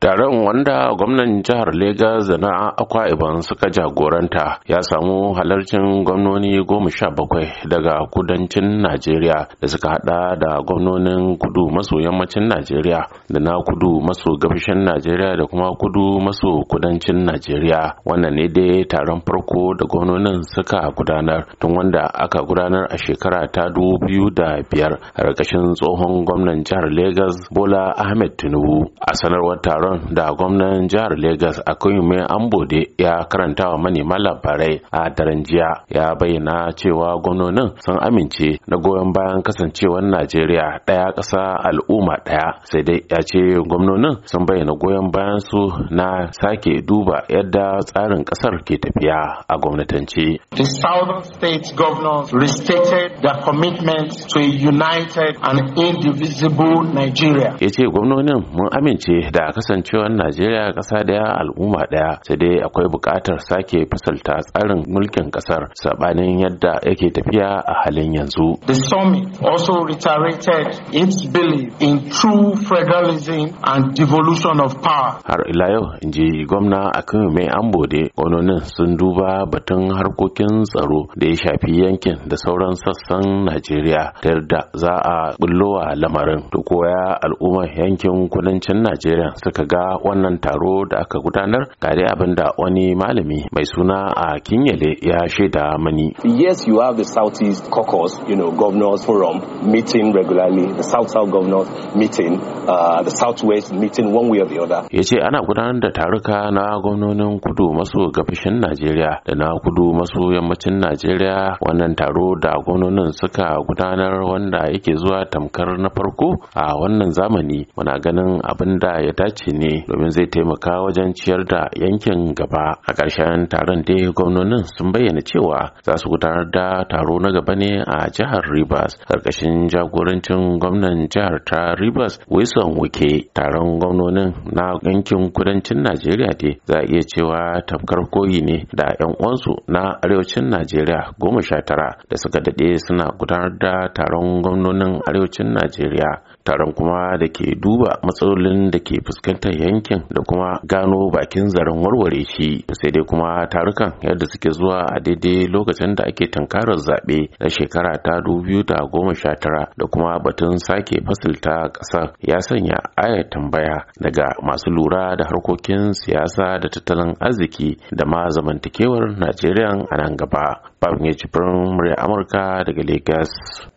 taron wanda gwamnan jihar Legas da na akwa ibon suka jagoranta ya samu halarcin gwamnoni goma sha bakwai daga kudancin najeriya da suka hada da gwamnonin kudu maso yammacin najeriya da na kudu maso gabashin najeriya da kuma kudu maso kudancin najeriya wannan ne dai taron farko da gwamnonin suka gudanar tun wanda aka gudanar a shekara ta dubu da biyar a tsohon gwamnan jihar Legas bola ahmed tinubu a sanarwar taron taron da gwamnan jihar Legas a an Ambode ya karanta wa manema labarai a daren jiya ya bayyana cewa gwamnonin sun amince na goyon bayan kasancewar Najeriya ɗaya ƙasa al'umma ɗaya sai dai ya ce gwamnonin sun bayyana goyon bayan su na sake duba yadda tsarin ƙasar ke tafiya a gwamnatance. The Southern State governors restated their commitment to a united and indivisible Nigeria. Ya ce gwamnonin mun amince da kasance kasancewar najeriya ƙasa daya al'umma daya sai dai akwai buƙatar sake fasalta tsarin mulkin ƙasar sabanin yadda yake tafiya a halin yanzu the summit also reiterated its belief in true federalism and devolution of power har ila yau in ji gwamna akan mai ambode gwamnonin sun duba batun harkokin tsaro da ya shafi yankin da sauran sassan najeriya ta yarda za a bullowa lamarin to koya al'ummar yankin kudancin najeriya suka ga wannan taro da aka gudanar ga dai abin da wani malami mai suna a kinyale ya shaida mani. Yes, you have the Southeast Caucus, you know, Governors Forum meeting regularly, the South South Governors meeting, uh, the Southwest meeting one way or the other. Ya ce ana gudanar da taruka na gwamnonin kudu maso gabashin Najeriya da na kudu maso yammacin Najeriya wannan taro da gwamnonin suka gudanar wanda yake zuwa tamkar na farko a wannan zamani muna ganin abin da ya dace ne ne domin zai taimaka wajen ciyar da yankin gaba a ƙarshen taron dai gwamnonin sun bayyana cewa za su gudanar da taro na gaba ne a jihar rivers ƙarƙashin jagorancin gwamnan jihar ta rivers wilson wuke taron gwamnonin na yankin kudancin najeriya dai za a iya cewa tafkar koyi ne da 'yan uwansu na arewacin najeriya goma sha tara da suka daɗe suna gudanar da taron gwamnonin arewacin najeriya taron kuma da ke duba matsalolin da ke fuskanta. fahimtar yankin da kuma gano bakin zaren warware shi sai dai kuma tarukan yadda suke zuwa a daidai lokacin da ake tunkarar zaɓe na shekara ta dubu da goma sha tara da kuma batun sake fasilta ƙasar ya sanya ayar tambaya daga masu lura da harkokin siyasa da tattalin arziki da ma zamantakewar najeriya a nan gaba babin ya ci murya amurka daga Legas.